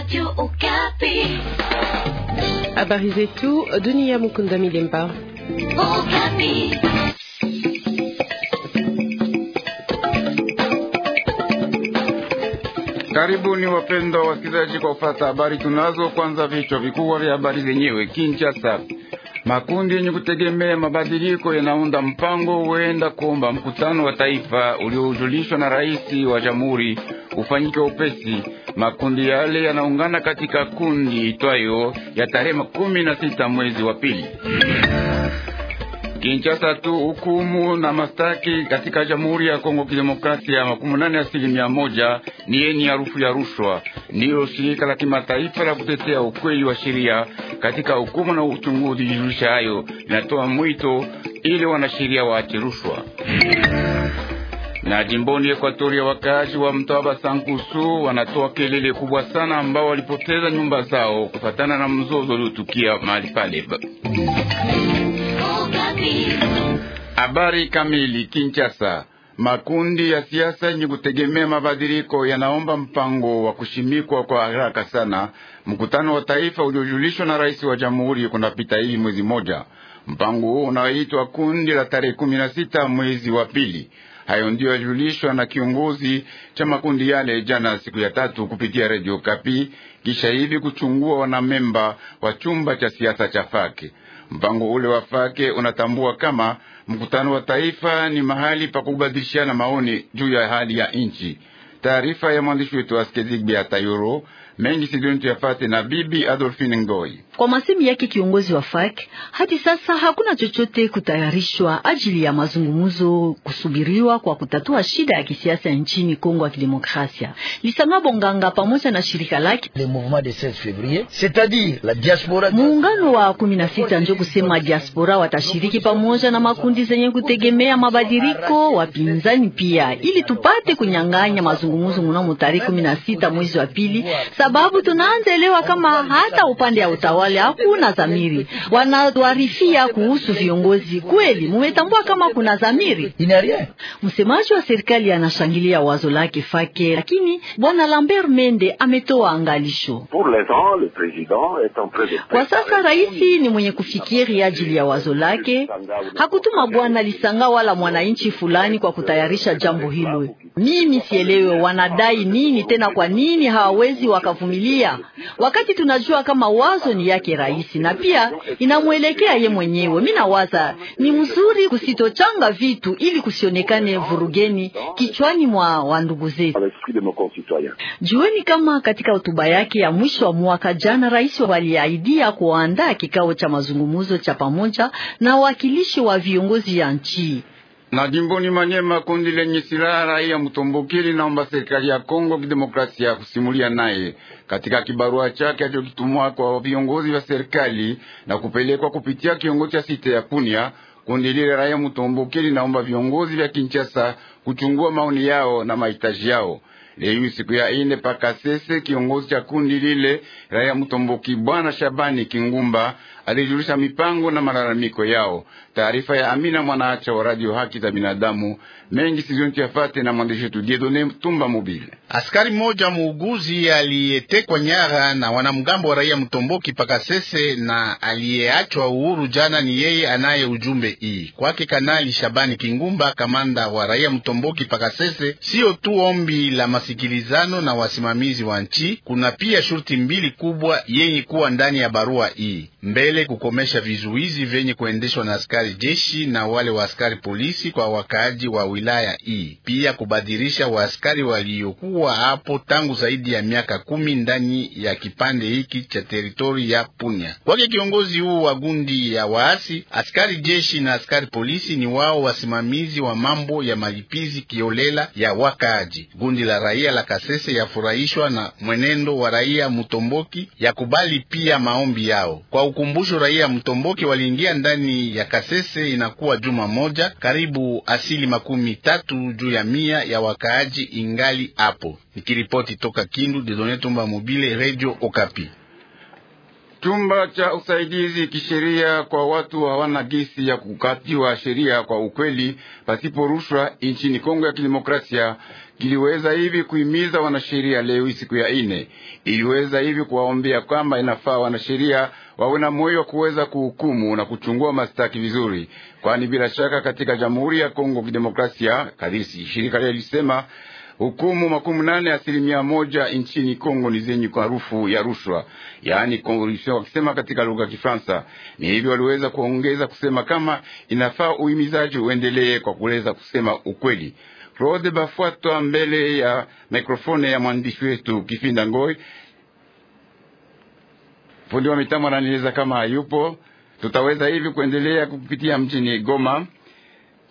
Radio Habari zetu dunia. Mukunda Milemba. Karibuni wapendwa wasikilizaji, kwa kufata habari tunazo. Kwanza vichwa vikubwa vya habari zenyewe. Kinshasa Makundi yenye kutegemea mabadiliko yanaunda mpango huenda kuomba mkutano wa taifa uliojulishwa na rais wa jamhuri ufanyike upesi. Makundi yale yanaungana katika kundi itwayo ya tarehe kumi na sita mwezi wa pili. Kinshasa tu hukumu na mastaki katika Jamhuri ya Kongo Kidemokrasia, makumi nane asilimia moja ni yenye harufu ya rushwa. Ndiyo shirika la kimataifa la kutetea ukweli wa sheria katika hukumu na uchunguzi julisha hayo linatoa mwito ili wanasheria waache rushwa na jimboni Ekwatoria, wakazi wa mtaa Basankusu wanatoa kelele kubwa sana, ambao walipoteza nyumba zao kufatana na mzozo uliotukia mahali pale. Habari kamili. Kinshasa, makundi ya siasa yenye kutegemea mabadiliko yanaomba mpango wa kushimikwa kwa haraka sana mkutano wa taifa uliojulishwa na rais wa jamhuri kunapita hivi mwezi moja. Mpango huo unaoitwa kundi la tarehe kumi na sita mwezi wa pili Hayo ndio yajulishwa na kiongozi cha makundi yale jana siku ya tatu kupitia redio Kapi kisha hivi kuchungua wanamemba wa chumba cha siasa cha Fake. Mpango ule wa Fake unatambua kama mkutano wa taifa ni mahali pa kubadilishana maoni juu ya hali ya nchi. Taarifa ya mwandishi wetu Askezigbe ya Tayoro mengi sidoni tuyapate na bibi Adolfine Ngoi. Kwa masemi yake kiongozi wa FAK, hadi sasa hakuna chochote kutayarishwa ajili ya mazungumzo kusubiriwa kwa kutatua shida ya kisiasa nchini Kongo ya Kidemokrasia. Lisanga Bonganga pamoja na shirika lake le mouvement de 16 février, c'est-à-dire la diaspora, muungano wa kusema diaspora watashiriki pamoja na makundi zenye kutegemea mabadiliko, wapinzani pia, ili tupate kunyang'anya mazungumzo mnamo tarehe sita mwezi wa pili sababu tunaanzelewa kama hata upande ya utawali hakuna zamiri wanatuarifia kuhusu viongozi. Kweli mumetambua kama kuna zamiri Msemaji wa serikali anashangilia wazo lake fake, lakini bwana Lambert Mende ametoa angalisho kwa sasa. Raisi ni mwenye kufikiri ajili ya wazo lake, hakutuma bwana Lisanga wala mwananchi fulani kwa kutayarisha jambo hilo. Mimi sielewe wanadai nini tena, kwa nini hawawezi waka akavumilia, wakati tunajua kama wazo ni yake rahisi na pia inamwelekea ye mwenyewe. Mi nawaza ni mzuri kusitochanga vitu ili kusionekane vurugeni kichwani mwa wandugu zetu. Jueni kama katika hotuba yake ya mwisho wa mwaka jana, rais waliahidia kuandaa kikao cha mazungumzo cha pamoja na wawakilishi wa viongozi ya nchi. Na jimboni Manyema, kundi lenye silaha raia Mtombokeli naomba serikali ya Kongo kidemokrasia kusimulia naye katika kibarua chake alichokitumwa kwa viongozi vya serikali na kupelekwa kupitia kiongozi cha site ya Punia. Kundi lile raia Mtombokeli naomba viongozi vya Kinshasa kuchungua maoni yao na mahitaji yao. Leo siku ya ine Pakasese, kiongozi cha kundi lile raia Mtomboki Bwana Shabani Kingumba alijulisha mipango na malalamiko yao. Taarifa ya Amina Mwanaacha wa Radio Haki za Binadamu mengi sizonti na mwandishi wetu Diedone Tumba Mobile. Askari mmoja muuguzi aliyetekwa nyara na wanamgambo wa raia Mtomboki Pakasese na aliyeachwa uhuru jana ni yeye anaye ujumbe hii kwake. Kanali Shabani Kingumba, kamanda wa raia Mtomboki Pakasese, sio tu ombi la masikilizano na wasimamizi wa nchi, kuna pia shurti mbili kubwa yenye kuwa ndani ya barua hii mbele kukomesha vizuizi vyenye kuendeshwa na askari jeshi na wale wa askari polisi kwa wakaaji wa wilaya hii, e. pia kubadilisha waaskari waliokuwa hapo tangu zaidi ya miaka kumi ndani ya kipande hiki cha teritori ya Punya. Kwake kiongozi huu wa gundi ya waasi, askari jeshi na askari polisi ni wao wasimamizi wa mambo ya malipizi kiolela ya wakaaji. Gundi la raia la Kasese yafurahishwa na mwenendo wa raia Mutomboki, yakubali pia maombi yao kwa ukumbusho, raia Mtomboki waliingia ndani ya Kasese, inakuwa juma moja. Karibu asili makumi tatu juu ya mia ya wakaaji ingali hapo. Nikiripoti toka Kindu, Didone Tumba Mobile, Radio Okapi. Chumba cha usaidizi kisheria kwa watu hawana gesi ya kukatiwa sheria kwa ukweli pasipo rushwa nchini Kongo ya Kidemokrasia kiliweza hivi kuhimiza wanasheria leo siku ya ine, iliweza hivi kuwaombea kwamba inafaa wanasheria wawe na moyo wa kuweza kuhukumu na kuchungua mastaki vizuri, kwani bila shaka katika Jamhuri ya Kongo Kidemokrasia kadisi shirika lilisema hukumu makumi nane asilimia moja nchini Kongo ni zenye harufu ya rushwa, yaani corruption wakisema katika lugha ya Kifaransa. Ni hivyo waliweza kuongeza kusema kama inafaa uhimizaji uendelee kwa kuweza kusema ukweli. Rode Bafuatwa mbele ya mikrofone ya mwandishi wetu Kifinda Ngoi. Fundi wa mitambo ananieleza kama hayupo, tutaweza hivi kuendelea kupitia mjini Goma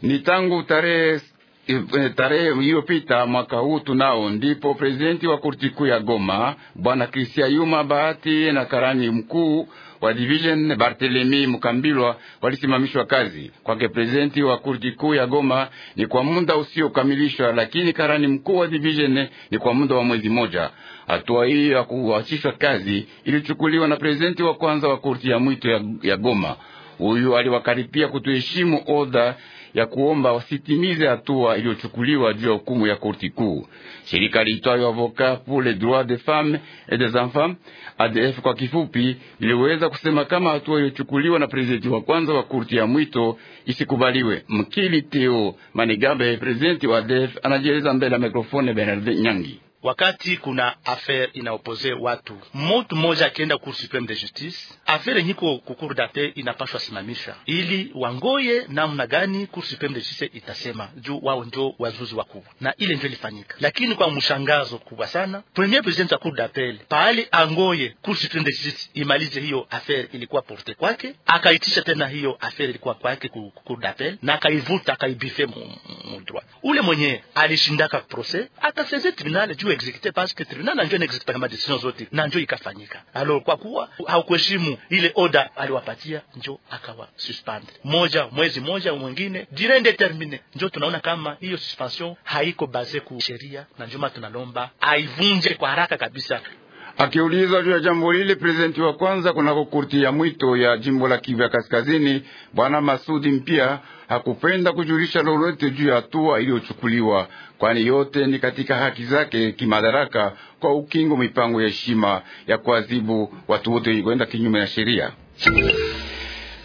ni tangu tarehe Eh, tarehe iliyopita mwaka huu tunao, ndipo prezidenti wa korti kuu ya Goma bwana Krisia Yuma Bahati na karani mkuu wa division Barthelemy Mukambilwa walisimamishwa kazi. Kwake prezidenti wa korti kuu ya Goma ni kwa muda usiokamilishwa, lakini karani mkuu wa division ni kwa muda wa mwezi moja. Hatua hii ya kuachishwa kazi ilichukuliwa na prezidenti wa kwanza wa korti ya mwito ya, ya Goma. Huyu aliwakaribia kutuheshimu oda ya kuomba wasitimize hatua iliyochukuliwa juu ya hukumu ya korti kuu. Shirika liitwayo Avocat pour les droits des femmes et des enfants, ADF kwa kifupi, liliweza kusema kama hatua iliyochukuliwa na prezidenti wa kwanza wa korti ya mwito isikubaliwe. Mkili Teo Manigambe, prezidenti wa ADF, anajieleza mbele ya mikrofone Bernard Nyangi. Wakati kuna affaire inaopose watu, mutu mmoja akienda Cour supreme de justice avere nyiko kukuru date inapashwa simamisha ili wangoye namna gani Cour Supreme de Justice itasema juu wao ndio wazuzi wakubwa, na ile ndio ilifanyika. Lakini kwa mshangazo kubwa sana, premier president wa Cour d'appel pahali angoye Cour Supreme de Justice imalize hiyo affaire ilikuwa porte kwake, akaitisha tena hiyo affaire ilikuwa kwake ku Cour d'appel na akaivuta akaibife mudroit ule mwenye alishindaka procès akaseze tribunal juu exécuter parce que tribunal nanjo na exécuter kama decision zote na njo ikafanyika. Alors kwa kuwa haukuheshimu ile oda aliwapatia, njo akawa suspend moja mwezi moja mwingine dire indetermine. Njo tunaona kama hiyo suspension haiko base ku sheria, na njoma tunalomba aivunje kwa haraka kabisa. Akiulizwa juu ya jambo lile, prezidenti wa kwanza kunako kurti ya mwito ya jimbo la Kivu ya Kaskazini, bwana Masudi Mpia hakupenda kujulisha lolote juu ya hatua iliyochukuliwa, kwani yote ni katika haki zake kimadaraka kwa ukingo mipango ya heshima ya kuadhibu watu wote kwenda kinyume na sheria.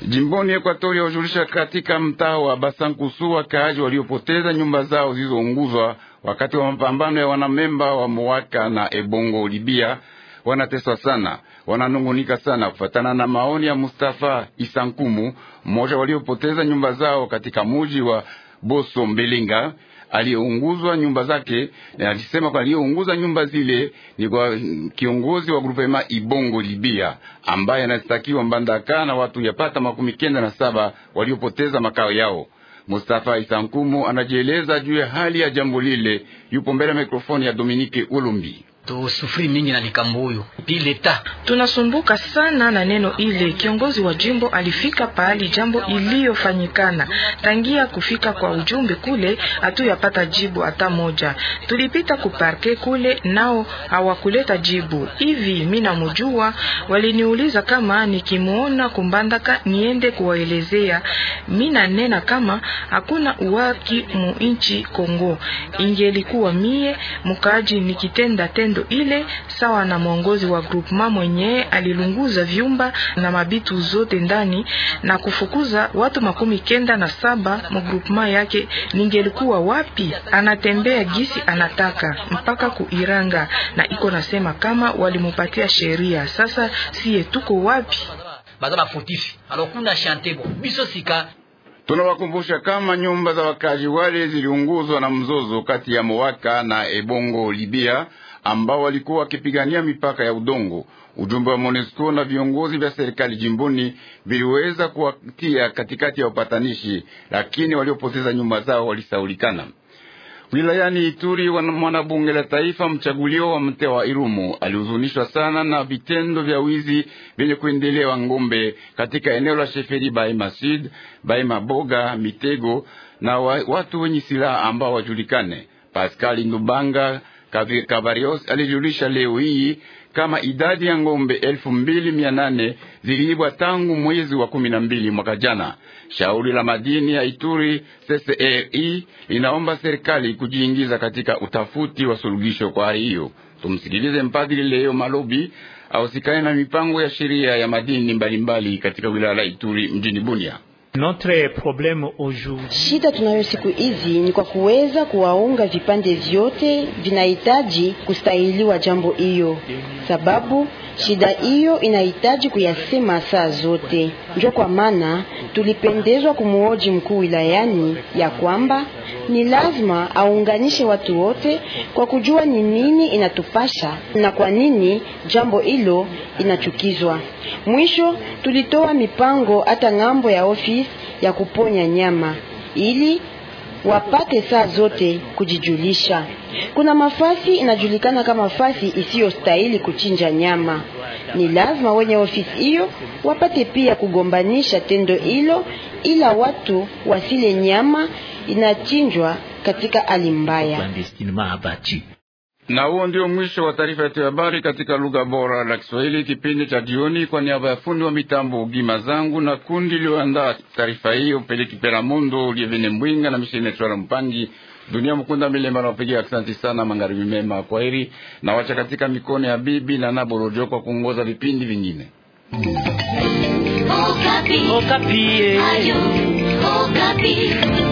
Jimboni Ekwatoria hujulisha katika mtaa wa Basankusu wakaaji waliopoteza nyumba zao zilizounguzwa wakati wa mapambano ya wanamemba wa Moaka na Ebongo Libia wanateswa sana, wananungunika sana kufatana na maoni ya Mustafa Isankumu, mmoja waliopoteza nyumba zao katika muji wa Boso Mbelinga aliyeunguzwa nyumba zake. Eh, alisema kwa aliyeunguza nyumba zile ni kwa eh, kiongozi wa grupema Ibongo Libia ambaye anastakiwa Mbandaka na watu yapata makumi kenda na saba waliopoteza makao yao. Mustafa Isankumu anajieleza juu ya hali ya jambo lile, yupo mbele ya mikrofoni ya Dominike Ulumbi tusufuri mingi na likambuyu pileta. Tunasumbuka sana na neno ile. Kiongozi wa jimbo alifika pahali jambo iliyofanyikana, tangia kufika kwa ujumbe kule hatuyapata jibu hata moja. Tulipita kuparke kule nao hawakuleta jibu. Hivi mimi namjua, waliniuliza kama nikimuona kumbandaka niende kuwaelezea. mina nanena kama hakuna uwaki mu Kongo, ingelikuwa mie mukaji nikitenda tenda vitendo ile, sawa na mwongozi wa groupema mwenye alilunguza vyumba na mabitu zote ndani na kufukuza watu makumi kenda na saba mgroupema yake. Ningelikuwa wapi? Anatembea gisi anataka mpaka kuiranga, na iko nasema kama walimupatia sheria. Sasa siye tuko wapi? Tunawakumbusha kama nyumba za wakazi wale ziliunguzwa na mzozo kati ya Mowaka na Ebongo libya ambao walikuwa wakipigania mipaka ya udongo. Ujumbe wa MONUSCO na viongozi vya serikali jimboni viliweza kuwatia katikati ya upatanishi, lakini waliopoteza nyumba zao walisaulikana. Wilayani Ituri, mwanabunge la taifa mchaguliwa wa mtea wa Irumu alihuzunishwa sana na vitendo vya wizi vyenye kuendelewa ng'ombe katika eneo la Sheferi Baima Sud, Baima Boga, Mitego na watu wenye silaha ambao wajulikane. Pascal Ndubanga Kavarios alijulisha leo hii kama idadi ya ngombe elfu mbili mia nane ziliibwa tangu mwezi wa kumi na mbili mwaka jana. Shauri la madini ya Ituri CCRI e linaomba serikali kujiingiza katika utafuti wa suluhisho kwa hali hiyo. Tumsikilize mpadri Leo Malobi ausikane na mipango ya sheria ya madini mbalimbali mbali katika wilaya la Ituri mjini Bunia shida tunayo siku hizi ni kwa kuweza kuwaunga vipande vyote vinahitaji kustahiliwa jambo hiyo, sababu shida hiyo inahitaji kuyasema saa zote, njo kwa maana tulipendezwa kumuoji mkuu wilayani ya kwamba ni lazima aunganishe watu wote kwa kujua ni nini inatupasha na kwa nini jambo hilo inachukizwa. Mwisho tulitoa mipango hata ng'ambo ya ofisi ya kuponya nyama ili wapate saa zote kujijulisha. Kuna mafasi inajulikana kama fasi isiyostahili kuchinja nyama. Ni lazima wenye ofisi hiyo wapate pia kugombanisha tendo hilo, ila watu wasile nyama inachinjwa katika hali mbaya. Na huo ndio mwisho wa taarifa yetu ya habari katika lugha bora la Kiswahili, kipindi cha jioni. Kwa niaba ya fundi wa mitambo Gima Zangu na kundi iliyoandaa taarifa hiyo, Peliki Pela Lievene Mbwinga na Mishine Twala Mpangi, Dunia Mkunda Milema, na asanti sana, magharibi mema, kwaheri na wacha katika mikono ya bibi na Naborojo kwa kuongoza vipindi vingine. Okapi. Okapi. Eh. Ayu, Okapi.